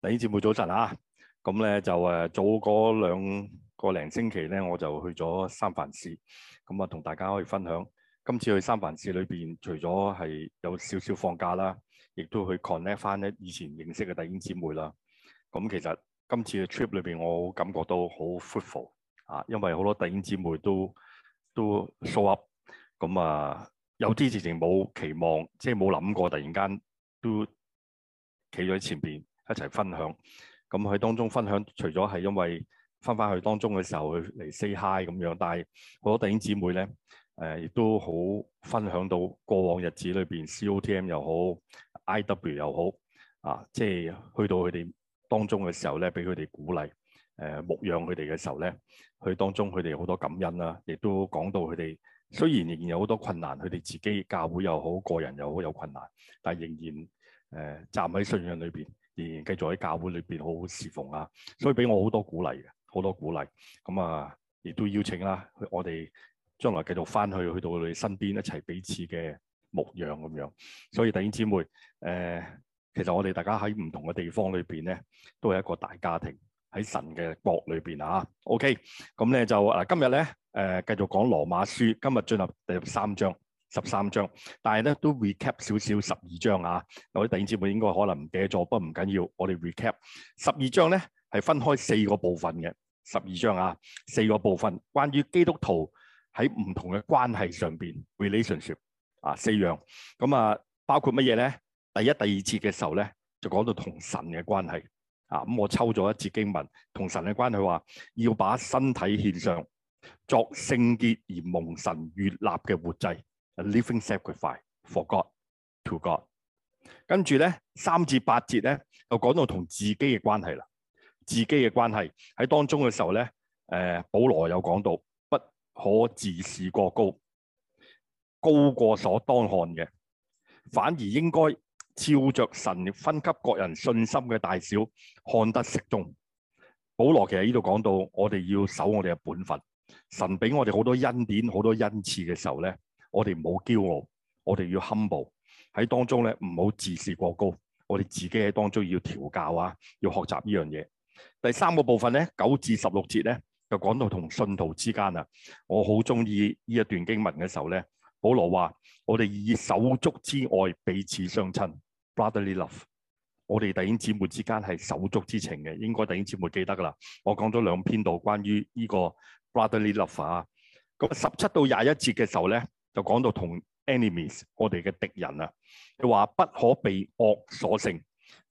弟兄姊妹早晨啊！咁咧就誒，早嗰兩個零星期咧，我就去咗三藩市，咁啊，同大家可以分享。今次去三藩市裏邊，除咗係有少少放假啦，亦都去 connect 翻咧以前認識嘅弟兄姊妹啦。咁其實今次嘅 trip 裏邊，我感覺到好 fruitful 啊，因為好多弟兄姊妹都都 show up，咁啊，有啲事情冇期望，即係冇諗過，突然間都企咗喺前邊。一齊分享，咁喺當中分享，除咗係因為翻返去當中嘅時候去嚟 say hi 咁樣，但係好多弟兄姊妹咧，誒、呃、亦都好分享到過往日子裏邊，COTM 又好，I.W. 又好，啊，即、就、係、是、去到佢哋當中嘅時候咧，俾佢哋鼓勵，誒牧養佢哋嘅時候咧，佢當中佢哋好多感恩啦、啊，亦都講到佢哋雖然仍然有好多困難，佢哋自己教會又好，個人又好有困難，但係仍然誒、呃、站喺信仰裏邊。而繼續喺教會裏邊好好侍奉啊，所以俾我好多鼓勵嘅，好多鼓勵。咁啊，亦都邀請啦，我哋將來繼續翻去，去到你身邊一齊彼此嘅牧養咁樣。所以弟兄姊妹，誒、呃，其實我哋大家喺唔同嘅地方裏邊咧，都係一個大家庭喺神嘅國裏邊啊。OK，咁咧就誒今日咧誒繼續講羅馬書，今日進入第十三章。十三章，但係咧都 recap 少少十二章啊。我哋第二節目應該可能唔記得咗，不過唔緊要，我哋 recap 十二章咧，係分開四個部分嘅，十二章啊。四個部分關於基督徒喺唔同嘅關係上邊 relationship 啊，四樣咁啊，包括乜嘢咧？第一第二節嘅時候咧就講到同神嘅關係啊。咁我抽咗一節經文，同神嘅關係，話要把身體獻上作聖潔而蒙神悅納嘅活祭。A、living sacrifice for God to God，跟住咧三至八節咧、呃、又講到同自己嘅關係啦，自己嘅關係喺當中嘅時候咧，誒，保羅有講到不可自視過高，高過所當看嘅，反而應該照着神分給各人信心嘅大小看得適中。保羅其實呢度講到我哋要守我哋嘅本分，神俾我哋好多恩典、好多恩賜嘅時候咧。我哋唔好驕傲，我哋要謙卑喺當中咧，唔好自視過高。我哋自己喺當中要調教啊，要學習呢樣嘢。第三個部分咧，九至十六節咧，就講到同信徒之間啊。我好中意呢一段經文嘅時候咧，保羅話：我哋以手足之愛彼此相親，brotherly love。我哋弟兄姊妹之間係手足之情嘅，應該弟兄姊妹記得噶啦。我講咗兩篇道關於呢個 brotherly love 啊。咁十七到廿一節嘅時候咧。就講到同 enemies 我哋嘅敵人啊，佢話不可被惡所勝，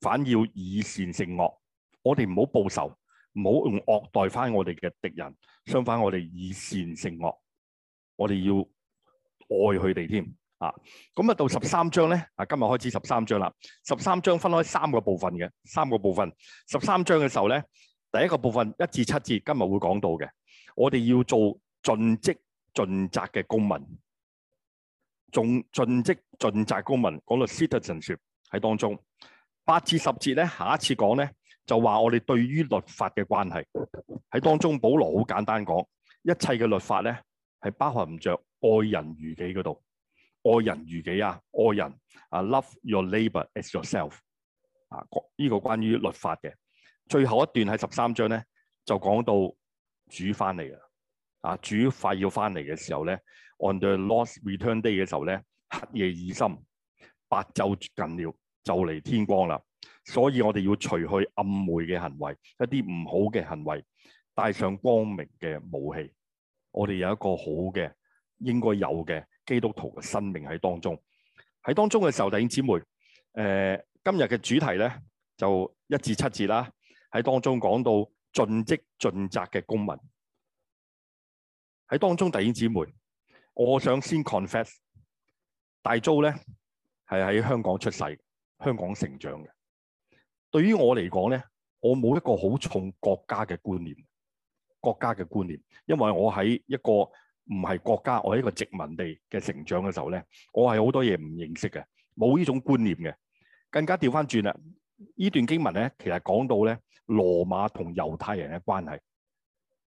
反要以善勝惡。我哋唔好報仇，唔好用惡待翻我哋嘅敵人，相反我哋以善勝惡。我哋要愛佢哋添啊。咁啊到十三章咧啊，今日開始十三章啦。十三章分開三個部分嘅，三個部分。十三章嘅時候咧，第一個部分一至七節，今日會講到嘅。我哋要做盡職盡責嘅公民。仲盡職盡責公民講到 citizenship 喺當中，八至十節咧，下一次講咧就話我哋對於律法嘅關係喺當中，保羅好簡單講，一切嘅律法咧係包含唔着愛人如己嗰度，愛人如己啊，愛人啊 love your neighbor as yourself 啊，呢個關於律法嘅，最後一段喺十三章咧就講到主翻嚟啦。啊，主快要翻嚟嘅時候咧，on the lost return day 嘅時候咧，黑夜已深，白晝近了，就嚟天光啦。所以我哋要除去暗昧嘅行為，一啲唔好嘅行為，帶上光明嘅武器。我哋有一個好嘅，應該有嘅基督徒嘅生命喺當中。喺當中嘅時候，弟兄姊妹，誒、呃，今日嘅主題咧就一至七節啦，喺當中講到盡職盡責嘅公民。喺當中，弟兄姊妹，我想先 confess，大租咧係喺香港出世、香港成長嘅。對於我嚟講咧，我冇一個好重國家嘅觀念，國家嘅觀念，因為我喺一個唔係國家，我喺一個殖民地嘅成長嘅時候咧，我係好多嘢唔認識嘅，冇呢種觀念嘅。更加調翻轉啦，呢段經文咧，其實講到咧羅馬同猶太人嘅關係。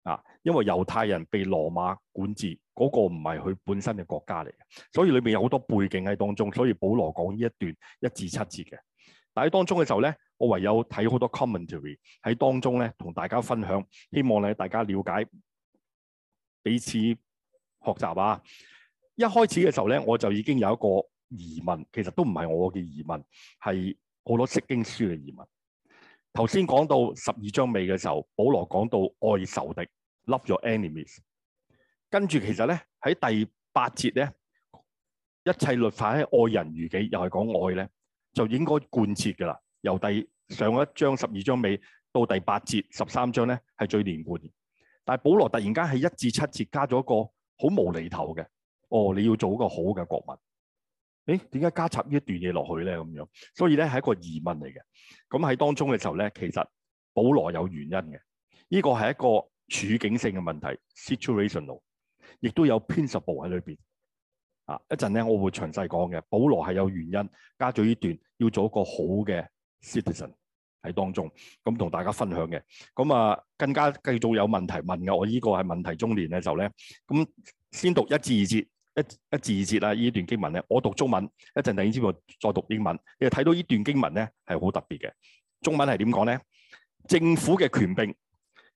啊，因為猶太人被羅馬管治，嗰個唔係佢本身嘅國家嚟嘅，所以裏面有好多背景喺當中，所以保羅講呢一段一至七節嘅。但喺當中嘅時候咧，我唯有睇好多 commentary 喺當中咧，同大家分享，希望咧大家了解彼此學習啊。一開始嘅時候咧，我就已經有一個疑問，其實都唔係我嘅疑問，係好多《釋經書》嘅疑問。頭先講到十二章尾嘅時候，保羅講到愛仇敵 （love your enemies）。跟住其實咧喺第八節咧，一切律法喺愛人如己，又係講愛咧，就應該貫徹噶啦。由第上一章十二章尾到第八節十三章咧，係最連貫的。但係保羅突然間喺一至七節加咗一個好無厘頭嘅，哦，你要做一個好嘅國民。誒，點解加插呢一段嘢落去咧？咁樣，所以咧係一個疑問嚟嘅。咁喺當中嘅時候咧，其實保羅有原因嘅。呢、這個係一個處境性嘅問題 （situational），亦都有 principle 喺裏邊。啊，一陣咧我會詳細講嘅。保羅係有原因加咗呢段，要做一個好嘅 citizen 喺當中，咁同大家分享嘅。咁啊，更加繼續有問題問嘅，我呢個係問題中年嘅時候咧。咁先讀一至二節。一一字一節啊！呢段經文咧，我讀中文一陣，突然之間再讀英文，你睇到呢段經文咧係好特別嘅。中文係點講咧？政府嘅權柄，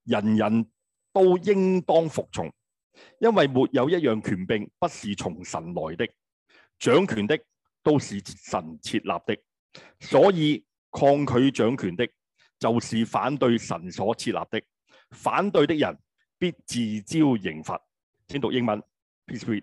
人人都應當服從，因為沒有一樣權柄不是從神來的，掌權的都是神設立的，所以抗拒掌權的，就是反對神所設立的。反對的人必自招刑罰。先讀英文，Please read。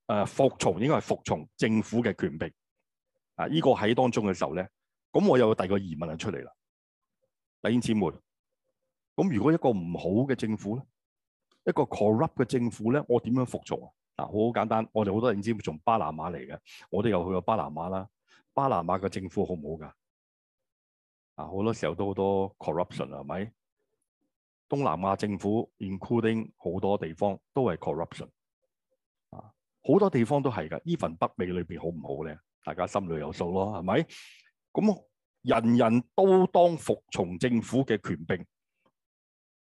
誒，服從應該係服從政府嘅權柄，啊！呢個喺當中嘅時候咧，咁我有個第二個疑問就出嚟啦，弟兄姊妹。咁如果一個唔好嘅政府咧，一個 corrupt 嘅政府咧，我點樣服從啊？嗱，好簡單，我哋好多弟兄姊妹從巴拿馬嚟嘅，我哋又去過巴拿馬啦。巴拿馬嘅政府好唔好㗎？啊，好多時候都好多 corruption 啊，係咪？東南亞政府，including 好多地方都係 corruption。好多地方都係噶，Even 北美裏邊好唔好咧？大家心裏有數咯，係咪？咁人人都當服從政府嘅權柄，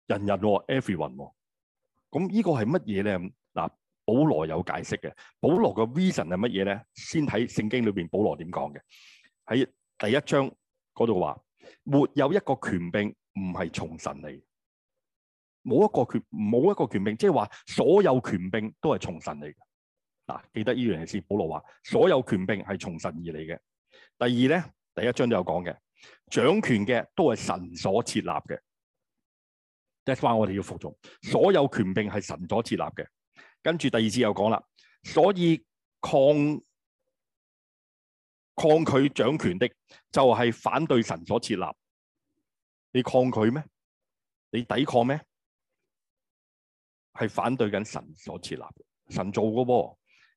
人人、哦、Everyone，咁、哦、呢個係乜嘢咧？嗱，保羅有解釋嘅，保羅嘅 vision 係乜嘢咧？先睇聖經裏邊保羅點講嘅，喺第一章嗰度話，沒有一個權柄唔係從神嚟，冇一個權冇一個權柄，即係話所有權柄都係從神嚟嘅。嗱，記得一樣嘢係保羅話，所有權柄係從神而嚟嘅。第二咧，第一章都有講嘅，掌權嘅都係神所設立嘅。That's why 我哋要服從，所有權柄係神所設立嘅。跟住第二節又講啦，所以抗抗拒掌權的就係反對神所設立。你抗拒咩？你抵抗咩？係反對緊神所設立的，神做嘅喎，啊。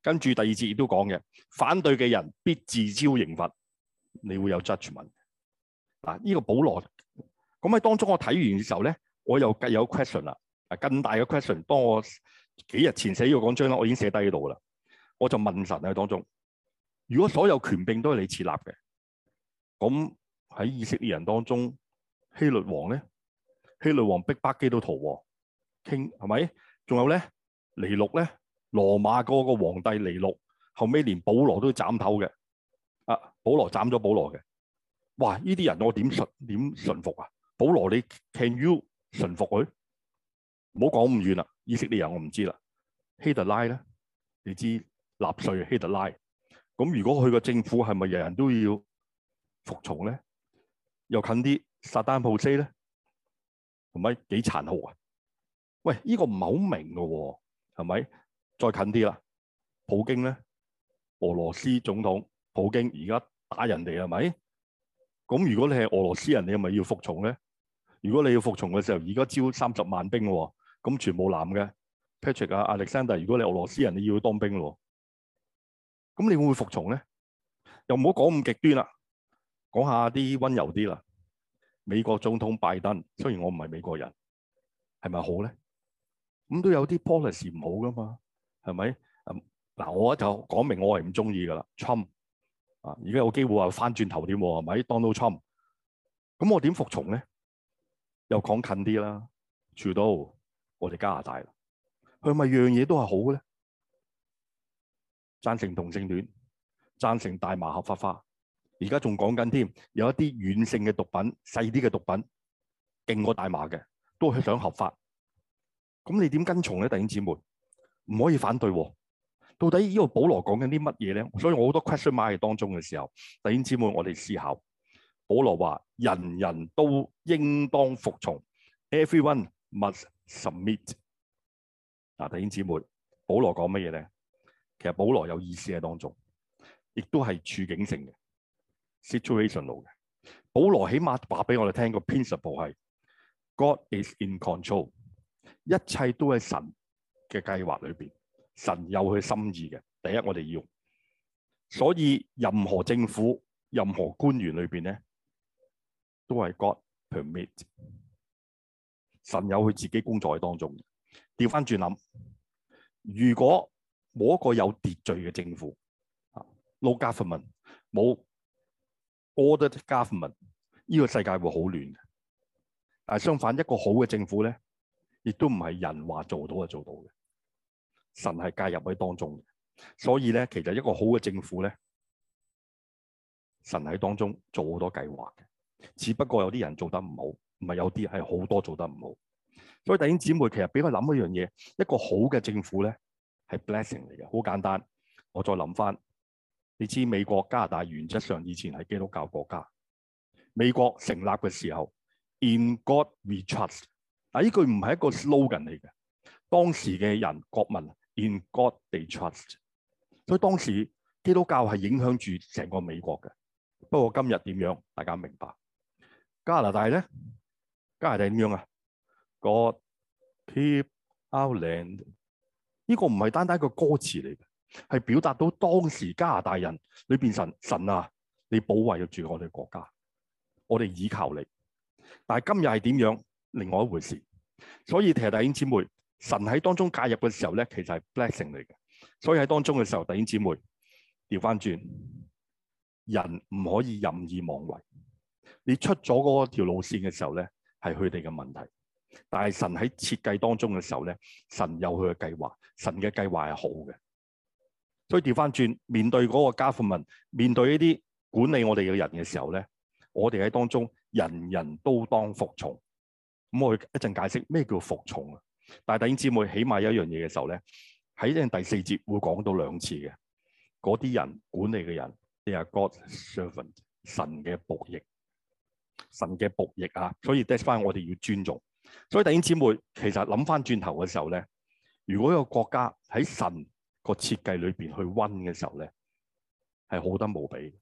跟住第二節亦都講嘅，反對嘅人必自招刑罰，你會有 judgment。嗱，呢個保羅咁喺當中，我睇完嘅時候咧，我又有 question 啦。更大嘅 question，當我幾日前寫呢個講章啦，我已經寫低度啦。我就問神喺當中，如果所有權柄都係你設立嘅，咁喺以色列人當中，希律王咧，希律王逼巴基到逃亡，傾係咪？仲有咧，尼祿咧？羅馬個個皇帝尼禄，後尾連保羅都斬頭嘅。啊，保羅斬咗保羅嘅。哇，呢啲人我點順點順服啊？保羅你 Can you 順服佢？唔好講咁遠啦，以色列人我唔知啦，希特拉咧，你知納粹啊希特拉，咁如果佢個政府係咪人人都要服從咧？又近啲撒旦布西咧，係咪幾殘酷啊？喂，呢個唔係好明噶喎，係咪？再近啲啦，普京咧，俄羅斯總統普京而家打人哋係咪？咁如果你係俄羅斯人，你咪要服從咧。如果你要服從嘅時候，而家招三十萬兵喎，哦，咁全部男嘅，Patrick 啊，Alexander，如果你俄羅斯人你要當兵咯，哦，咁你會唔會服從咧？又唔好講咁極端啦，講下啲溫柔啲啦。美國總統拜登，雖然我唔係美國人，係咪好咧？咁都有啲 policy 唔好噶嘛。係咪？嗱、嗯，我就講明我不喜歡的了，我係唔中意噶啦。Trump 啊，而家有機會話翻轉頭添，係咪？Donald Trump，咁我點服從咧？又講近啲啦，住到我哋加拿大啦。佢係咪樣嘢都係好咧？讚成同性戀，讚成大麻合法化。而家仲講緊添，有一啲軟性嘅毒品，細啲嘅毒品，勁過大麻嘅，都係想合法。咁你點跟從咧，弟兄姊妹？唔可以反對喎，哦！到底呢個保羅講緊啲乜嘢咧？所以我好多 question mark 當中嘅時候，弟兄姊妹，我哋思考。保羅話：人人都應當服從，everyone must submit。嗱，弟兄姊妹，保羅講乜嘢咧？其實保羅有意思喺當中，亦都係處境性嘅 situational 嘅。保羅起碼話俾我哋聽個 principle 係：God is in control，一切都係神。嘅計劃裏邊，神有佢心意嘅。第一，我哋要，所以任何政府、任何官員裏邊咧，都係 God permit。神有佢自己工作喺當中。掉返轉諗，如果冇一個有秩序嘅政府，啊，No government 冇 ordered government，呢個世界會好亂嘅。但係相反，一個好嘅政府咧，亦都唔係人話做到就做到嘅。神係介入喺當中嘅，所以咧，其實一個好嘅政府咧，神喺當中做好多計劃嘅，只不過有啲人做得唔好，唔係有啲係好多做得唔好。所以弟兄姊妹，其實俾佢諗一樣嘢，一個好嘅政府咧係 blessing 嚟嘅，好簡單。我再諗翻，你知美國加拿大原則上以前係基督教國家，美國成立嘅時候，In God We Trust。啊，呢句唔係一個 slogan 嚟嘅，當時嘅人國民。In God they trust，所以當時基督教係影響住成個美國嘅。不過今日點樣，大家明白？加拿大咧，加拿大點樣啊？God keep our land，呢個唔係單單一個歌詞嚟嘅，係表達到當時加拿大人裏面神神啊，你保衛住我哋國家，我哋倚靠你。但係今日係點樣，另外一回事。所以弟兄姊妹。神喺當中介入嘅時候咧，其實係 blessing 嚟嘅。所以喺當中嘅時候，弟兄姊妹調翻轉，人唔可以任意妄為。你出咗嗰條路線嘅時候咧，係佢哋嘅問題。但係神喺設計當中嘅時候咧，神有佢嘅計劃，神嘅計劃係好嘅。所以調翻轉，面對嗰個 government，面對呢啲管理我哋嘅人嘅時候咧，我哋喺當中人人都當服從。咁我一陣解釋咩叫服從啊？但弟兄姊妹，起碼有一樣嘢嘅時候咧，喺第四節會講到兩次嘅，嗰啲人管理嘅人，你係 God's servant，神嘅僕役，神嘅僕役啊，所以 that’s why 我哋要尊重。所以弟兄姊妹，其實諗翻轉頭嘅時候咧，如果一個國家喺神個設計裏面去温嘅時候咧，係好得無比，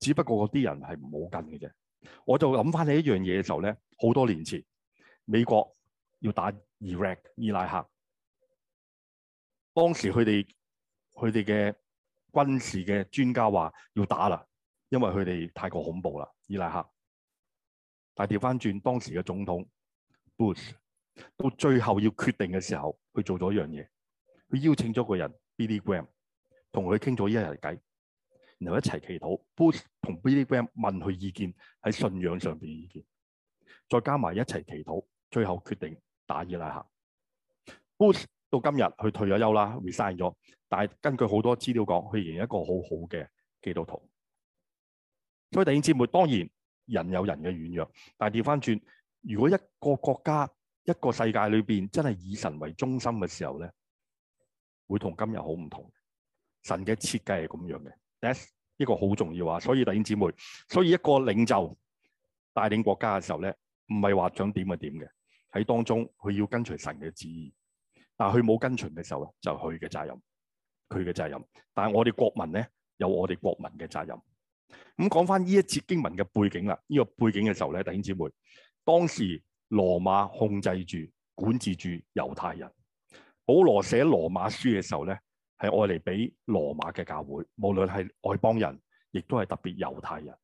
只不過嗰啲人係唔好跟嘅啫。我就諗翻你一樣嘢嘅時候咧，好多年前美國要打，Iraq 伊拉克，當時佢哋佢哋嘅軍事嘅專家話要打啦，因為佢哋太過恐怖啦。伊拉克，但係掉返轉，當時嘅總統 Bush 到最後要決定嘅時候，佢做咗一樣嘢，佢邀請咗個人 Billy Graham 同佢傾咗一日偈，然後一齊祈禱。Bush 同 Billy Graham 問佢意見，喺信仰上面意見，再加埋一齊祈禱，最後決定。打伊拉克，Bush，到今日佢退咗休啦，retire 咗。但係根據好多資料講，佢仍然一個好好嘅基督徒。所以弟兄姊妹，當然人有人嘅軟弱，但係調翻轉，如果一個國家，一個世界裏邊真係以神為中心嘅時候咧，會同今日好唔同。神嘅設計係咁樣嘅，呢個好重要啊！所以弟兄姊妹，所以一個領袖帶領國家嘅時候咧，唔係話想點就點嘅。喺當中，佢要跟隨神嘅旨意，但係佢冇跟隨嘅時候咧，就係佢嘅責任，佢嘅責任。但係我哋國民咧，有我哋國民嘅責任。咁講翻呢一節經文嘅背景啦，呢個背景嘅時候咧，弟兄姊妹，當時羅馬控制住、管治住猶太人。保羅寫羅馬書嘅時候咧，係愛嚟俾羅馬嘅教會，無論係外邦人，亦都係特別猶太人。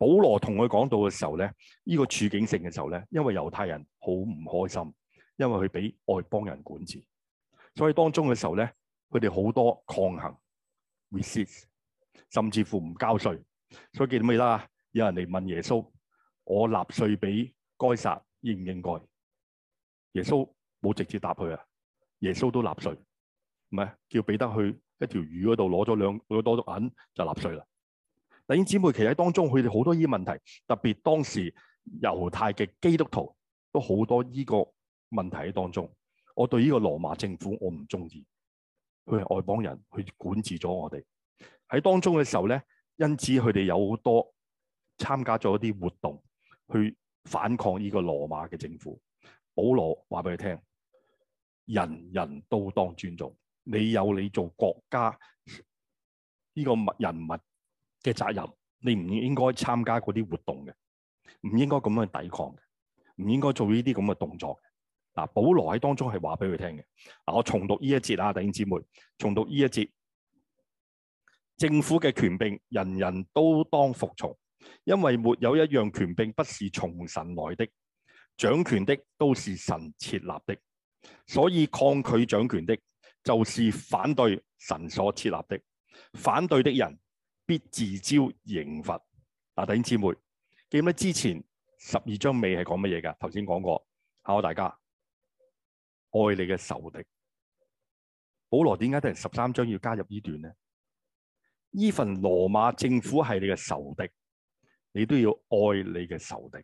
保羅同佢講到嘅時候咧，呢、這個處境性嘅時候咧，因為猶太人好唔開心，因為佢俾外邦人管治，所以當中嘅時候咧，佢哋好多抗衡，甚至乎唔交稅。所以記得未啦？有人嚟問耶穌：我納稅俾該撒，應唔應該？耶穌冇直接答佢啊。耶穌都納稅，唔係叫彼得去一條魚嗰度攞咗兩攞多咗銀就納稅啦。弟兄姊妹，其實喺當中佢哋好多呢啲問題，特別當時猶太嘅基督徒都好多呢個問題喺當中。我對呢個羅馬政府我唔中意，佢係外邦人去管治咗我哋喺當中嘅時候咧，因此佢哋有好多參加咗一啲活動去反抗呢個羅馬嘅政府。保羅話俾佢聽：人人都當尊重，你有你做國家呢、這個物人物。嘅責任，你唔應該參加嗰啲活動嘅，唔應該咁樣抵抗嘅，唔應該做呢啲咁嘅動作。嗱，保羅喺當中係話俾佢聽嘅。嗱，我重讀呢一節啊，弟兄姊妹，重讀呢一節。政府嘅權柄，人人都當服從，因為沒有一樣權柄不是從神來的，掌權的都是神設立的，所以抗拒掌權的，就是反對神所設立的，反對的人。必自招刑罰。嗱、啊，弟兄姊妹，記唔記得之前十二章尾係講乜嘢㗎？頭先講過，考下、啊、大家。愛你嘅仇敵，保羅點解突然十三章要加入呢段咧？呢份羅馬政府係你嘅仇敵，你都要愛你嘅仇敵。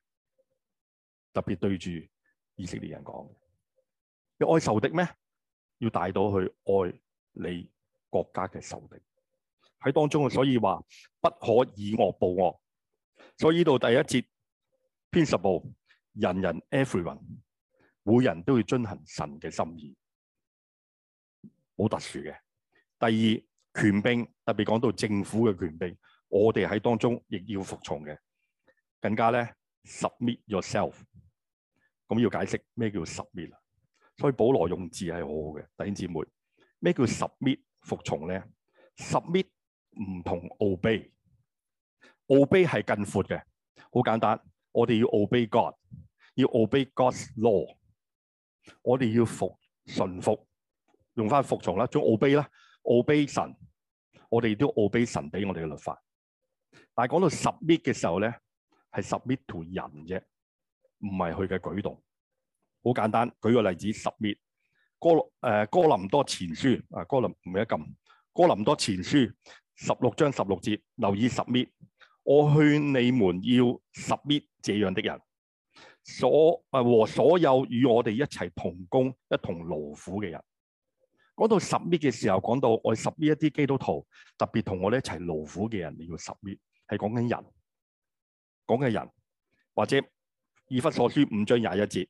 特別對住以色列人講嘅，要愛仇敵咩？要帶到去愛你國家嘅仇敵。喺當中啊，所以話，不可以惡報惡，所以呢度第一節編十部，Principle，人人 everyone，每人都要遵行神嘅心意，好特殊嘅。第二權柄，特別講到政府嘅權柄，我哋喺當中亦要服從嘅，更加咧 submit yourself。咁要解釋咩叫 submit 啊？所以保羅用字係好好嘅，弟兄姊妹，咩叫 submit 服從咧？submit 唔同 obey，obey 係 obey 更闊嘅，好簡單，我哋要 obey God，要 obey God's law，我哋要服順服，用翻服從啦，做 obey 啦，obey 神，我哋都 obey 神俾我哋嘅律法。但係講到 submit 嘅時候咧，係 submit to 人啫，唔係佢嘅舉動。好簡單，舉個例子，submit 哥誒哥林多前書啊，哥林唔係一撳哥林多前書。十六章十六節，留意 submit。我勸你們要 submit 這樣的人，所啊和所有與我哋一齊同工、一同勞苦嘅人。講到 submit 嘅時候，講到我哋 submit 一啲基督徒，特別同我哋一齊勞苦嘅人，你要 submit，係講緊人，講緊人或者以弗所書五章廿一節，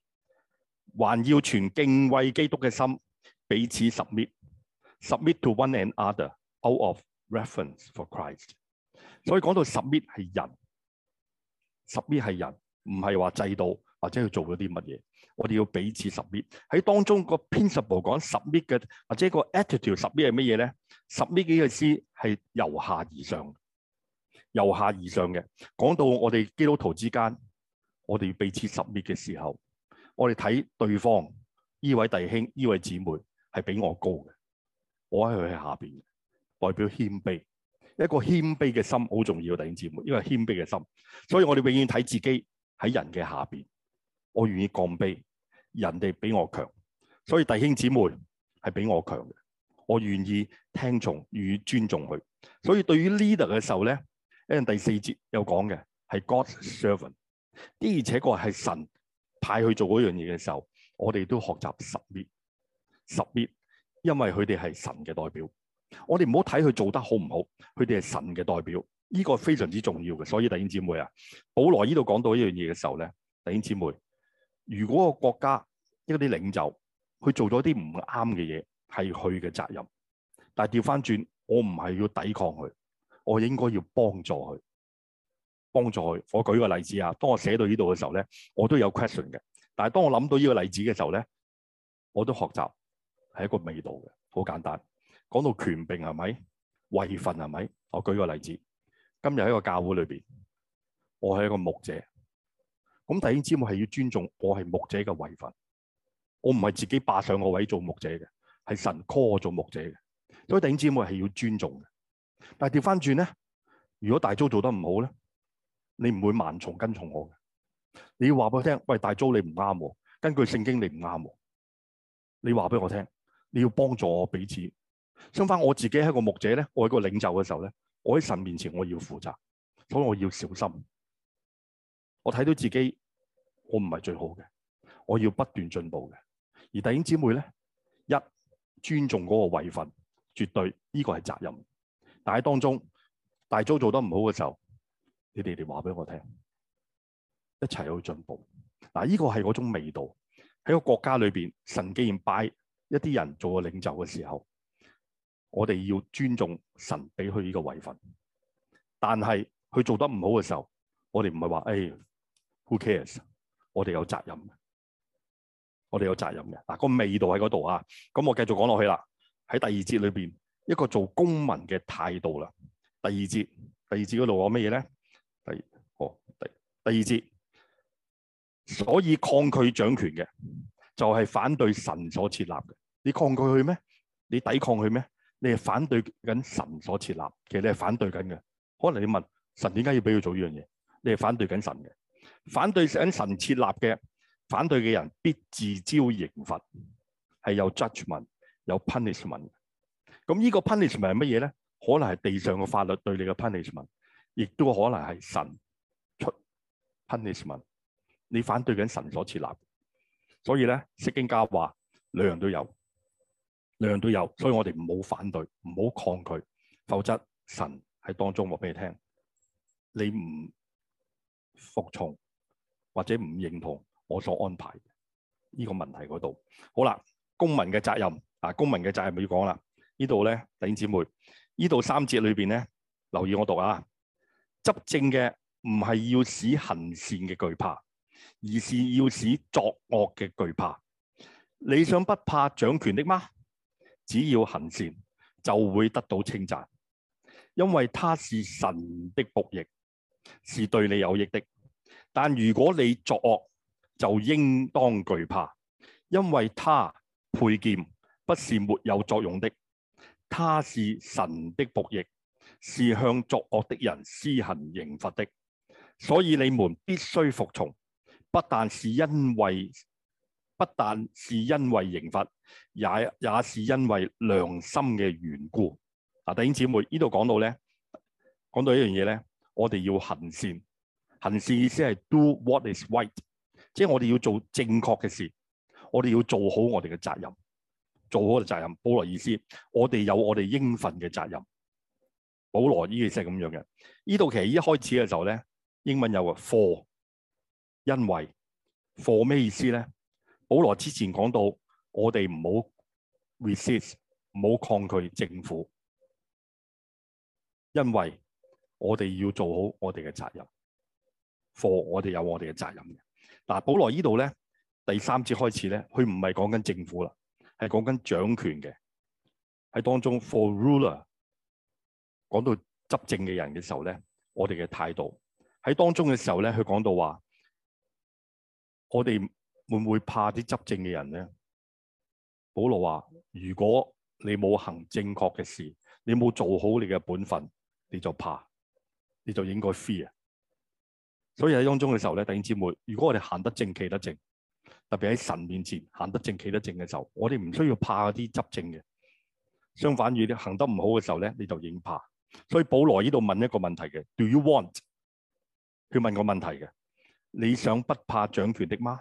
還要全敬畏基督嘅心，彼此 submit，submit submit to one and other out of。Reference for Christ，所以講到 submit 係人，submit 係人，唔係話制度或者佢做咗啲乜嘢，我哋要彼此 submit。喺當中個 principle 講 submit 嘅，或者個 attitude submit 係乜嘢咧？submit 呢個字係由下而上，由下而上嘅。講到我哋基督徒之間，我哋要彼此 submit 嘅時候，我哋睇對方呢位弟兄、呢位姊妹係比我高嘅，我喺佢喺下邊代表謙卑，一個謙卑嘅心好重要，弟兄姊妹，因為謙卑嘅心，所以我哋永遠睇自己喺人嘅下邊。我願意降卑，人哋比我強，所以弟兄姊妹係比我強嘅，我願意聽從與尊重佢。所以對於 leader 嘅時候咧，一陣第四節有講嘅係 God servant，而且確係神派去做嗰樣嘢嘅時候，我哋都學習 submit submit，因為佢哋係神嘅代表。我哋唔好睇佢做得好唔好，佢哋係神嘅代表，呢個非常之重要嘅。所以弟兄姊妹啊，保羅呢度講到呢樣嘢嘅時候咧，弟兄姊妹，如果個國家一啲領袖佢做咗啲唔啱嘅嘢，係佢嘅責任。但係調翻轉，我唔係要抵抗佢，我應該要幫助佢，幫助佢。我舉個例子啊，當我寫到呢度嘅時候咧，我都有 question 嘅。但係當我諗到呢個例子嘅時候咧，我都學習係一個味道嘅，好簡單。講到權柄係咪位份係咪？我舉個例子，今日喺個教會裏邊，我係一個牧者，咁弟兄姊妹係要尊重我係牧者嘅位份。我唔係自己霸上個位做牧者嘅，係神 call 我做牧者嘅，所以弟兄姊妹係要尊重嘅。但係調翻轉咧，如果大租做得唔好咧，你唔會盲從跟從我嘅。你要話俾我聽，喂，大租你唔啱，根據聖經你唔啱。你話俾我聽，你要幫助我彼此。相反，我自己係一個牧者咧，我係個領袖嘅時候咧，我喺神面前我要負責，所以我要小心。我睇到自己，我唔係最好嘅，我要不斷進步嘅。而弟兄姊妹咧，一尊重嗰個位份，絕對呢個係責任。但係當中，大租做得唔好嘅時候，你哋嚟話俾我聽，一齊去進步。嗱，呢個係嗰種味道，喺個國家裏邊，神既然擺一啲人做個領袖嘅時候。我哋要尊重神俾佢呢個位份，但係佢做得唔好嘅時候，我哋唔係話誒，Who cares？我哋有責任，我哋有責任嘅，嗱，個味道喺嗰度啊！咁我繼續講落去啦。喺第二節裏邊，一個做公民嘅態度啦。第二節，第二節嗰度話乜嘢咧？第第、哦、第二節，所以抗拒掌權嘅就係、是、反對神所設立嘅。你抗拒佢咩？你抵抗佢咩？你係反對緊神所設立，其實你係反對緊嘅。可能你問神點解要俾佢做呢樣嘢？你係反對緊神嘅，反對緊神設立嘅，反對嘅人必自招刑罰，係有 judgment，有 punishment。咁呢個 punishment 係乜嘢咧？可能係地上嘅法律對你嘅 punishment，亦都可能係神出 punishment。你反對緊神所設立，所以咧釋經家話兩樣都有。兩樣都有，所以我哋唔好反對，唔好抗拒，否則神喺當中話俾你聽，你唔服從或者唔認同我所安排呢、這個問題嗰度好啦。公民嘅責任啊，公民嘅責任要講啦。呢度咧，弟兄姊妹，呢度三節裏邊咧，留意我讀啊。執政嘅唔係要使行善嘅懼怕，而是要使作惡嘅懼怕。你想不怕掌權的嗎？只要行善，就會得到稱讚，因為他是神的僕役，是對你有益的。但如果你作惡，就應當懼怕，因為他配劍，不是沒有作用的。他是神的僕役，是向作惡的人施行刑罰的。所以你們必須服從，不但是因為。不但是因為刑罰，也也是因為良心嘅緣故。啊，弟兄姊妹，呢度講到咧，講到一樣嘢咧，我哋要行善。行善意思係 do what is right，即係我哋要做正確嘅事，我哋要做好我哋嘅責任，做好我哋責任。保羅意思，我哋有我哋應份嘅責任。保羅呢意思係咁樣嘅。呢度其實一開始嘅時候咧，英文有個 for，因為 for 咩意思咧？保羅之前講到，我哋唔好 resist，唔好抗拒政府，因為我哋要做好我哋嘅責任。for 我哋有我哋嘅責任嘅。嗱，保羅呢度咧，第三節開始咧，佢唔係講緊政府啦，係講緊掌權嘅。喺當中 for ruler 講到執政嘅人嘅時候咧，我哋嘅態度喺當中嘅時候咧，佢講到話，我哋。會唔會怕啲執政嘅人咧？保羅話：如果你冇行正確嘅事，你冇做好你嘅本分，你就怕，你就應該 fear。所以喺當中嘅時候咧，弟兄姊妹，如果我哋行得正、企得正，特別喺神面前行得正、企得正嘅時候，我哋唔需要怕嗰啲執政嘅。相反，如你行得唔好嘅時候咧，你就應怕。所以保羅呢度問一個問題嘅：Do you want？佢問個問題嘅：你想不怕掌權的嗎？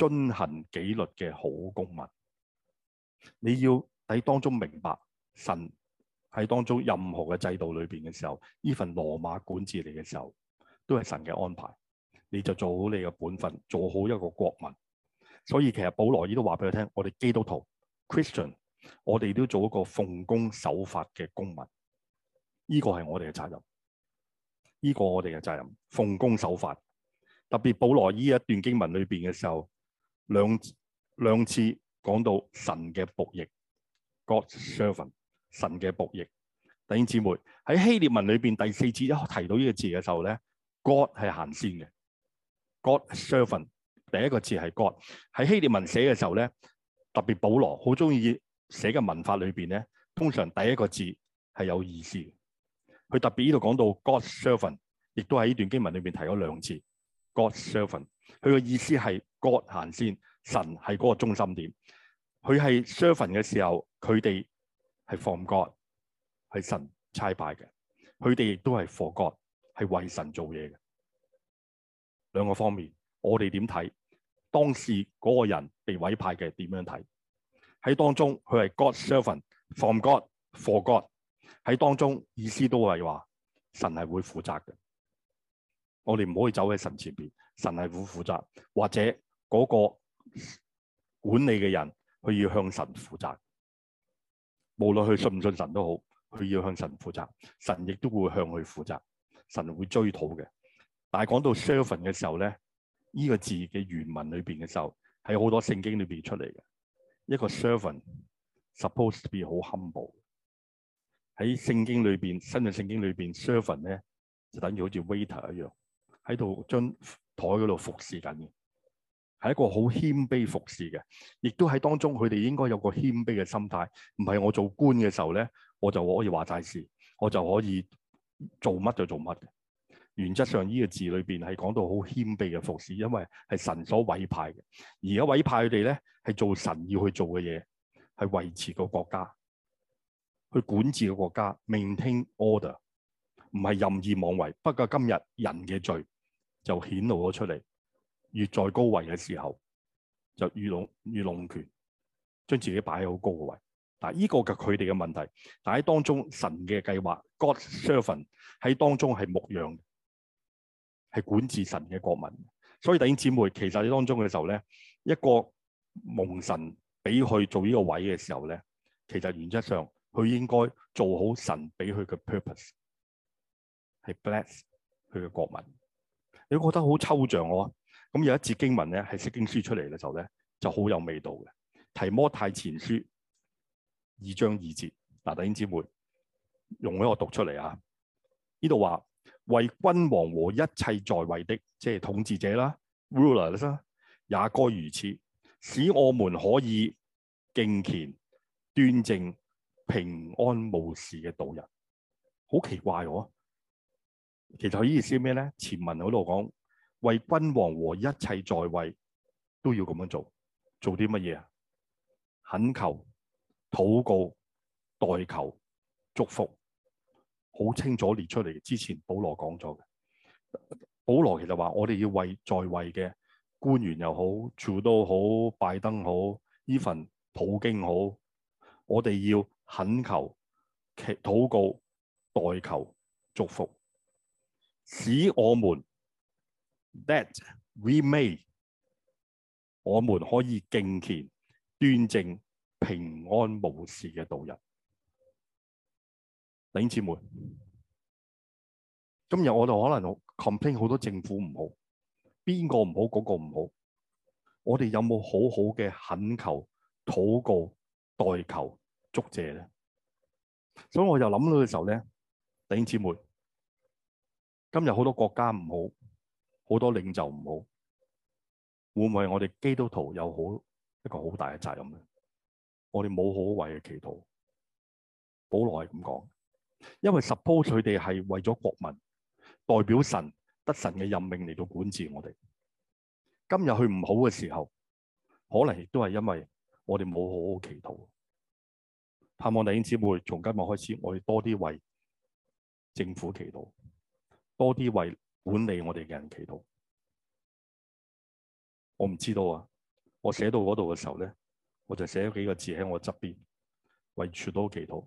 遵行紀律嘅好公民，你要喺當中明白神喺當中任何嘅制度裏邊嘅時候，呢份羅馬管治你嘅時候，都係神嘅安排。你就做好你嘅本分，做好一個國民。所以其實保羅依都話俾佢聽，我哋基督徒 Christian，我哋都做一個奉公守法嘅公民。呢個係我哋嘅責任，呢個我哋嘅責任，奉公守法。特別保羅依一段經文裏邊嘅時候。兩兩次講到神嘅僕役，God's servant，神嘅僕役。弟兄姊妹，喺希臘文裏邊第四節一提到呢個字嘅時候咧，God 係行先嘅，God's servant 第一個字係 God。喺希臘文寫嘅時候咧，特別保羅好中意寫嘅文法裏邊咧，通常第一個字係有意思嘅。佢特別呢度講到 God's servant，亦都喺呢段經文裏邊提咗兩次，God's servant。佢個意思係 God 行先，神係嗰個中心點。佢係 servant 嘅時候，佢哋係 from God，係神差派嘅。佢哋亦都係 for God，係為神做嘢嘅。兩個方面。我哋點睇，當時嗰個人被委派嘅點樣睇？喺當中佢係 God servant，from God，for God。喺當中意思都係話神係會負責嘅。我哋唔可以走喺神前面。神係會負責，或者嗰個管理嘅人，佢要向神負責。無論佢信唔信神都好，佢要向神負責。神亦都會向佢負、負責，神會追討嘅。但係講到 servant 嘅時候咧，呢、呢個字嘅原文裏邊嘅時候，喺好多聖經裏邊出嚟嘅一個 servant，supposed to be 好 humble。喺聖經裏邊，新嘅聖經裏邊，servant 咧就等於好似 waiter 一樣，喺度將。坐喺嗰度服侍緊嘅，係一個好謙卑服侍嘅，亦都喺當中佢哋應該有一個謙卑嘅心態，唔係我做官嘅時候咧，我就可以話晒事，我就可以做乜就做乜嘅。原則上呢個字裏邊係講到好謙卑嘅服侍，因為係神所委派嘅，而家委派佢哋咧係做神要去做嘅嘢，係維持個國家，去管治個國家，maintain order，唔係任意妄為。不過今日人嘅罪。就顯露咗出嚟，越在高位嘅時候，就愈弄愈弄權，將自己擺喺好高嘅位。嗱，呢個嘅佢哋嘅問題，但喺當中神嘅計劃 God's servant 喺當中係牧養，係管治神嘅國民。所以弟兄姊妹，其實喺當中嘅時候咧，一個蒙神俾佢做呢個位嘅時候咧，其實原則上佢應該做好神俾佢嘅 purpose，係 bless 佢嘅國民。你都覺得好抽象喎？哦，咁有一節經文咧，係釋經書出嚟嘅時候咧就好有味道嘅。提摩太前書二章二節，嗱，啊，弟兄姊妹，容我讀出嚟啊。呢度話為君王和一切在位的，即係統治者啦，rulers 啦，也該如此，使我們可以敬虔、端正、平安無事嘅度日。好奇怪喎，哦！其實佢意思咩咧？前文嗰度講，為君王和一切在位都要咁樣做，做啲乜嘢啊？懇求、禱告、代求、祝福，好清楚列出嚟。之前保羅講咗嘅，保羅其實話我哋要為在位嘅官員又好，朝都好，拜登好，依份普京好，我哋要懇求、祈禱告、代求、祝福。使我們 that we may，我們可以敬虔、端正、平安無事嘅度日。弟兄姊，姊妹，今日我哋可能 complain 好多政府唔好，邊個唔好，嗰、嗰個唔好，我哋有冇好好嘅懇求、禱告、代求、祝謝咧？所以我就諗到嘅時候咧，弟兄姊，姊妹。今日好多國家唔好，好多領袖唔好，會唔會我哋基督徒有好一個好大嘅責任咧？我哋冇好好為祈禱，保羅係咁講，因為 suppose 佢哋係為咗國民，代表神得神嘅任命嚟到管治我哋。今日去唔好嘅時候，可能亦都係因為我哋冇好好祈禱。盼望弟兄姊妹從今日開始，我哋多啲為政府祈禱。多啲為管理我哋嘅人祈禱，我唔知道啊！我寫到嗰度嘅時候咧，我就寫咗幾個字喺我側邊，為處都祈禱。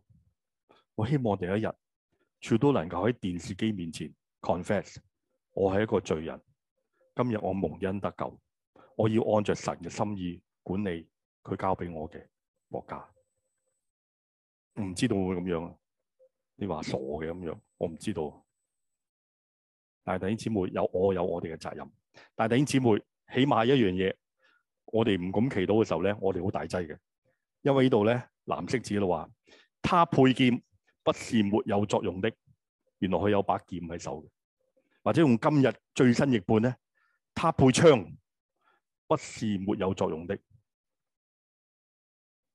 我希望第一日處都能夠喺電視機面前 confess，我係一個罪人。今日我蒙恩得救，我要按着神嘅心意管理佢交俾我嘅國家。唔知道會咁樣啊？你話傻嘅咁樣，我唔知道。但係弟兄姊妹有我有我哋嘅責任，但係弟兄姊妹起碼一樣嘢，我哋唔敢祈禱嘅時候咧，我哋好大劑嘅。因為呢度咧藍色字嘅話，他配劍不是沒有作用的，原來佢有把劍喺手嘅。或者用今日最新譯本咧，他配槍不是沒有作用的。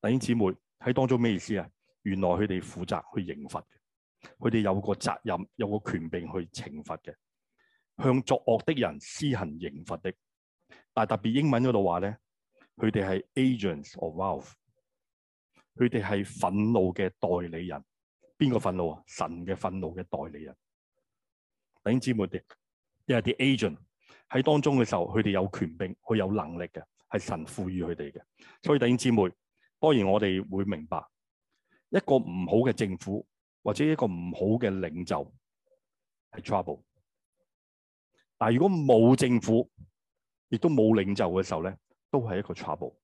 弟兄姊妹，喺當中咩意思啊？原來佢哋負責去刑罰嘅，佢哋有個責任，有個權柄去懲罰嘅。向作惡的人施行刑罰的，但特別英文嗰度話咧，佢哋係 agents of wrath，l 佢哋係憤怒嘅代理人。邊個憤怒啊？神嘅憤怒嘅代理人。弟兄姊妹哋，因為啲 agent 喺當中嘅時候，佢哋有權柄，佢有能力嘅，係神賦予佢哋嘅。所以弟兄姊妹，當然我哋會明白一個唔好嘅政府或者一個唔好嘅領袖係 trouble。但如果冇政府，亦都冇領袖嘅時候咧，都係一個 trouble。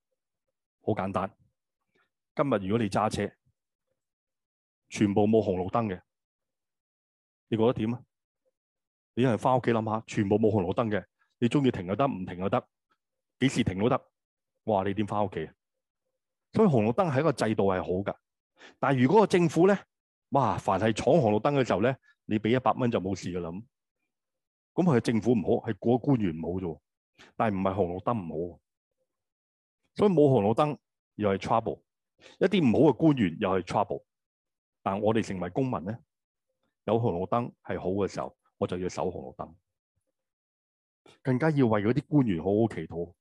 好簡單，今日如果你揸車，全部冇紅綠燈嘅，你覺得點啊？你係翻屋企諗下，全部冇紅綠燈嘅，你中意停又得，唔停又得，幾時停都得。哇，你點翻屋企啊？所以紅綠燈係一個制度係好噶，但係如果個政府咧，哇，凡係闖紅綠燈嘅時候咧，你俾一百蚊就冇事噶啦咁佢係政府唔好，係嗰個官員唔好啫。但係唔係紅綠燈唔好，所以冇紅綠燈又係 trouble。一啲唔好嘅官員又係 trouble。但我哋成為公民咧，有紅綠燈係好嘅時候，我就要守紅綠燈。更加要為嗰啲官員好好祈禱。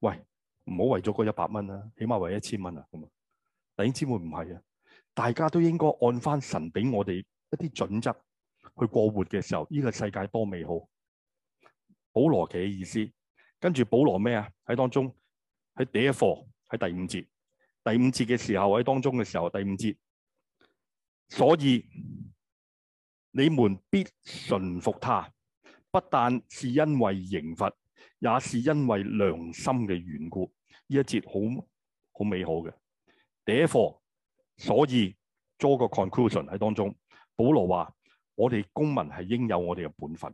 喂，唔好為咗嗰一百蚊啦，起碼為一千蚊啊。咁啊，但係呢千唔係啊，大家都應該按翻神俾我哋一啲準則去過活嘅時候，呢個世界多美好。保羅其嘅意思，跟住保羅咩啊？喺當中，喺第一課喺第五節，第五節嘅時候喺當中嘅時候，第五節，所以你們必順服他，不但是因為刑罰，也是因為良心嘅緣故。呢一節好好美好嘅第一課，所以做一個 conclusion 喺當中。保羅話：我哋公民係應有我哋嘅本分。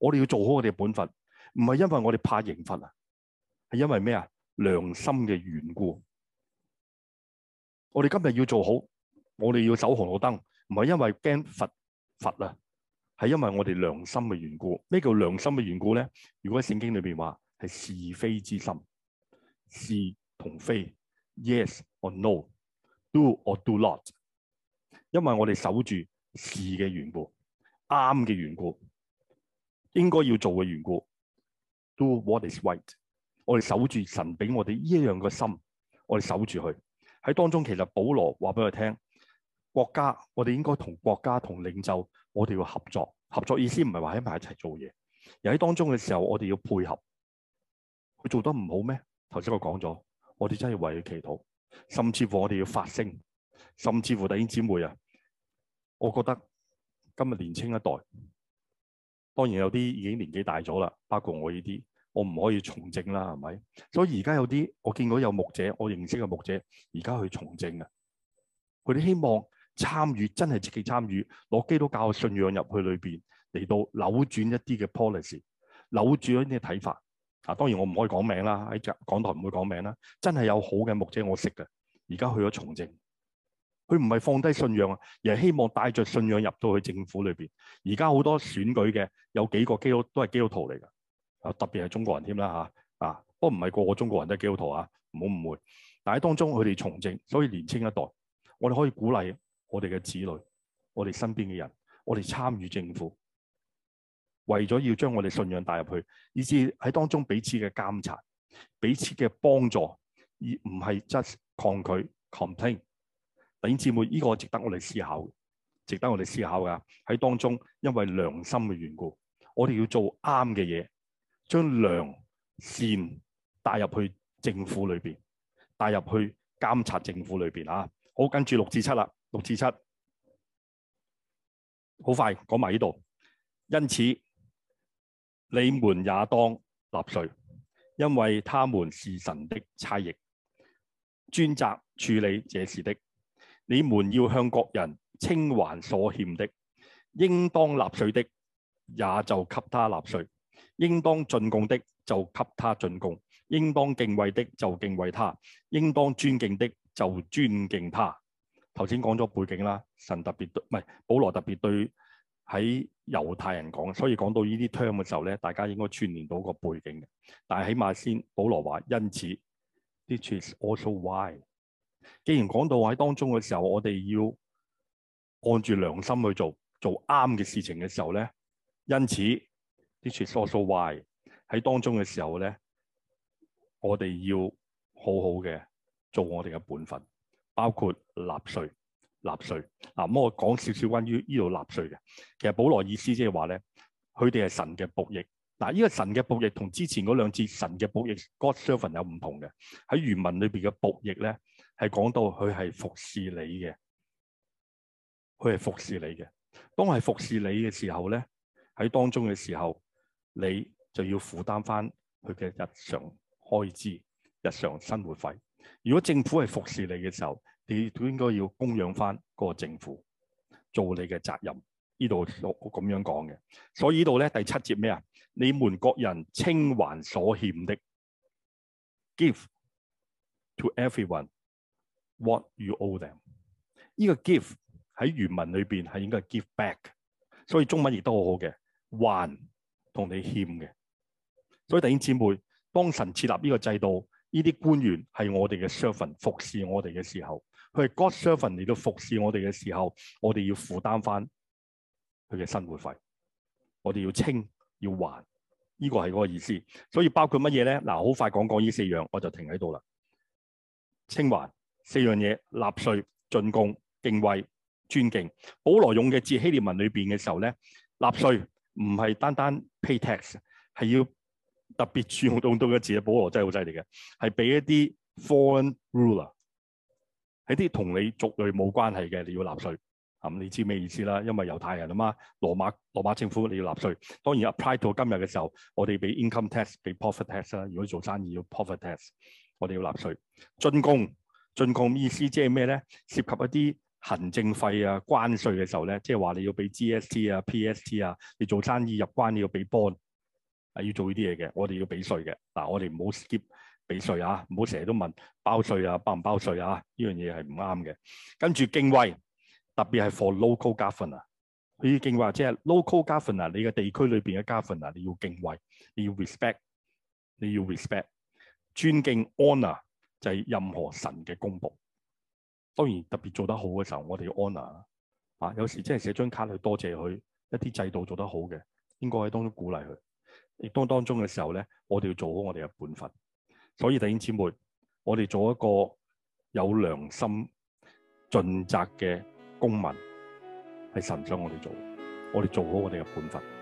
我哋要做好我哋嘅本分，唔係因為我哋怕刑罰啊，係因為咩啊？良心嘅緣故。我哋今日要做好，我哋要守紅綠燈，唔係因為驚罰罰啊，係因為我哋良心嘅緣故。咩叫良心嘅緣故咧？如果喺聖經裏邊話係是非之心，是同非，yes or no，do or do not，因為我哋守住是嘅緣故，啱嘅緣故。應該要做嘅緣故，Do what is right。我哋守住神俾我哋呢樣嘅心，我哋守住佢喺當中。其實保羅話俾佢聽，國家，我哋應該同國家同領袖，我哋要合作。合作意思唔係話喺埋一齊做嘢，而喺當中嘅時候，我哋要配合。佢做得唔好咩？頭先我講咗，我哋真係為佢祈禱，甚至乎我哋要發聲，甚至乎弟兄姊妹啊，我覺得今日年青一代。當然有啲已經年紀大咗啦，包括我呢啲，我唔可以從政啦，係咪？所以而家有啲我見到有牧者，我認識嘅牧者，而家去從政嘅，佢哋希望參與，真係積極參與，攞基督教嘅信仰入去裏邊嚟到扭轉一啲嘅 policy，扭轉一啲嘅睇法。啊，當然我唔可以講名啦，喺港台唔會講名啦。真係有好嘅牧者我識嘅，而家去咗從政。佢唔係放低信仰啊，而係希望帶着信仰入到去政府裏邊。而家好多選舉嘅有幾個基督都係基督徒嚟㗎，啊，特別係中國人添啦嚇啊，不過唔係個個中國人都係基督徒啊，唔好誤會。但係當中佢哋從政，所以年青一代，我哋可以鼓勵我哋嘅子女、我哋身邊嘅人、我哋參與政府，為咗要將我哋信仰帶入去，以至喺當中彼此嘅監察、彼此嘅幫助，而唔係 just 抗拒 complain。弟兄姊妹，依、呢個值得我哋思考，值得我哋思考噶。喺當中，因為良心嘅緣故，我哋要做啱嘅嘢，將良善帶入去政府裏邊，帶入去監察政府裏邊啊！好，跟住六至七啦，六至七，好快講埋呢度。因此，你們也當納稅，因為他們是神的差役，專責處理這事的。你們要向各人清還所欠的，應當納稅的也就給他納稅，應當進貢的就給他進貢，應當敬畏的就敬畏他，應當尊敬的，就，敬尊敬的就尊敬他。頭先講咗背景啦，神特別對，唔係保羅特別對喺猶太人講，所以講到呢啲 term 嘅時候咧，大家應該串聯到個背景嘅。但係起碼先，保羅話因此，this is also why。既然講到喺當中嘅時候，我哋要按住良心去做做啱嘅事情嘅時候咧，因此啲 resource 喺當中嘅時候咧，我哋要好好嘅做我哋嘅本分，包括納稅納稅嗱，咁、啊、我講少少關於呢度納稅嘅。其實保羅意思即係話咧，佢哋係神嘅僕役嗱。呢、啊，這個神嘅僕役同之前嗰兩次神嘅僕役 God servant 有唔同嘅。喺原文裏邊嘅僕役咧。係講到佢係服侍你嘅，佢係服侍你嘅。當佢係服侍你嘅時候咧，喺當中嘅時候，你就要負擔翻佢嘅日常開支、日常生活費。如果政府係服侍你嘅時候，你都應該要供養翻嗰個政府，做你嘅責任。呢度我咁樣講嘅，所以呢度咧第七節咩啊？你們各人清還所欠的，give to everyone。What you owe them？呢個 give 喺原文裏邊係應該係 give back，所以中文亦都好好嘅，還同你欠嘅。所以弟兄姊妹，當神設立呢個制度，呢啲官員係我哋嘅 servant 服侍我哋嘅時候，佢係 God servant 嚟到服侍我哋嘅時候，我哋要負擔翻佢嘅生活費，我哋要清要還，呢個係個意思。所以包括乜嘢咧？嗱，好快講講呢四樣，我就停喺度啦。清還。四樣嘢：納稅、進貢、敬畏、尊敬。保羅用嘅字希臘文裏邊嘅時候咧，納稅唔係單單 pay tax，係要特別專用用到嘅字啊！保羅真係好犀利嘅，係俾一啲 foreign ruler，係啲同你族類冇關係嘅，你要納稅。咁、嗯、你知咩意思啦？因為猶太人啊嘛，羅馬羅馬政府你要納稅。當然 apply to 今日嘅時候，我哋俾 income tax，俾 profit tax 啦。如果做生意要 profit tax，我哋要納稅。進貢。進貢意思即係咩咧？涉及一啲行政費啊、關稅嘅時候咧，即係話你要俾 GST 啊、PST 啊，你做生意入關你要俾 bond，啊要做呢啲嘢嘅，我哋要俾稅嘅。嗱、啊，我哋唔好 skip 俾稅啊，唔好成日都問包稅啊、包唔包稅啊，呢樣嘢係唔啱嘅。跟住敬畏，特別係 for local government 啊，佢要敬畏，即係 local government 啊，你嘅地區裏邊嘅 government 啊，你要敬畏，你要 respect，你要 respect，尊敬 honor。就係、是，任何神嘅公僕，當然特別做得好嘅時候，我哋要 honour 啊，有時真係寫張卡去多謝佢，一啲制度做得好嘅，應該喺當中鼓勵佢，亦當，當中嘅時候咧，我哋要做好我哋嘅本分。所以弟兄姊妹，我哋做一個有良心盡責嘅公民，係神想我哋做的，我哋做好我哋嘅本分。